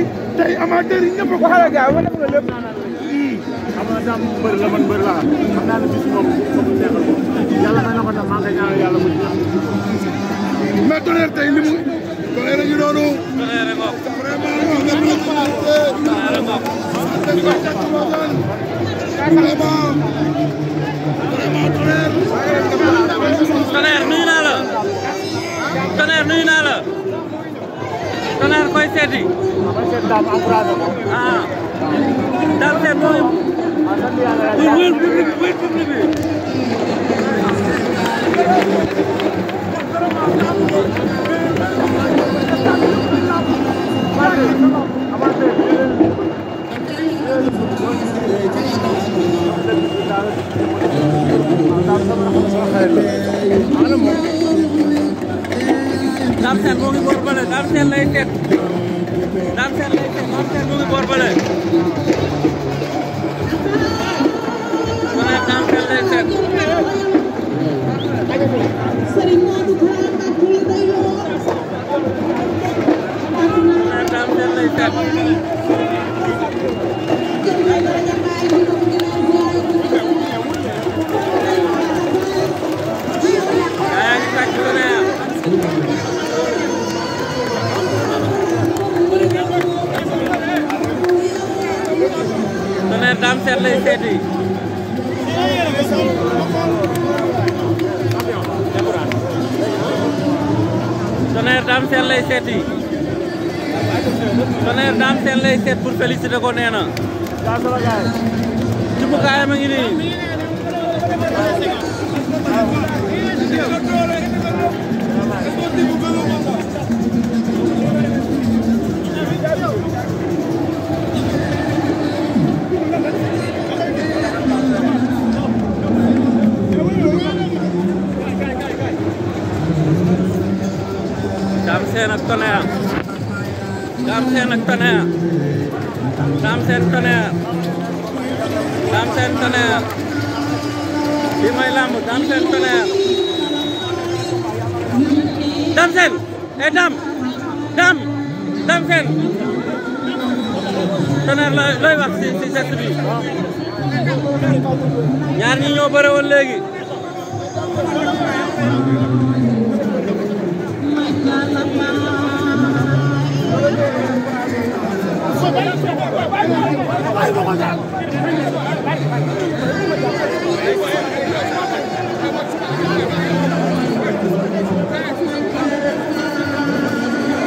bi tey amateur yi ñëpp a ko. waxal ak gars wala lépp. xam nga daal moom bëri la man bëri laa xam naa ne bis moom foofu neexal ko yàlla may na ko tam maa ngi koy ñaanal yàlla mu ci mais Tonnerre tey li mu Tonnerre ñu noonu. Tonnerre moom vraiment ñoo ngi leen di sant. Tonnerre moom. tonnerre koy seeti. ah daal seet mooy pour wér public wér public bi. Thank you. left hand only ball bale left hand light left hand light left hand only ball bale Thank you. Dame Seck lay seeti Tonnerre Dame Seck lay seeti Tonnerre lay seet pour féliciter ko nee na jumtukaayam ngi nii seen ak Tonnerre Dame Sène ak Tonnerre Dame Sène Tonnerre Dame Sène Tonnerre bi mooy làmb Dame Sène Tonnerre Dame Sène eh Dame Dame Dame Sène Tonnerre looy wax ci ci geste bi ñaar ñi ñoo bëre woon léegi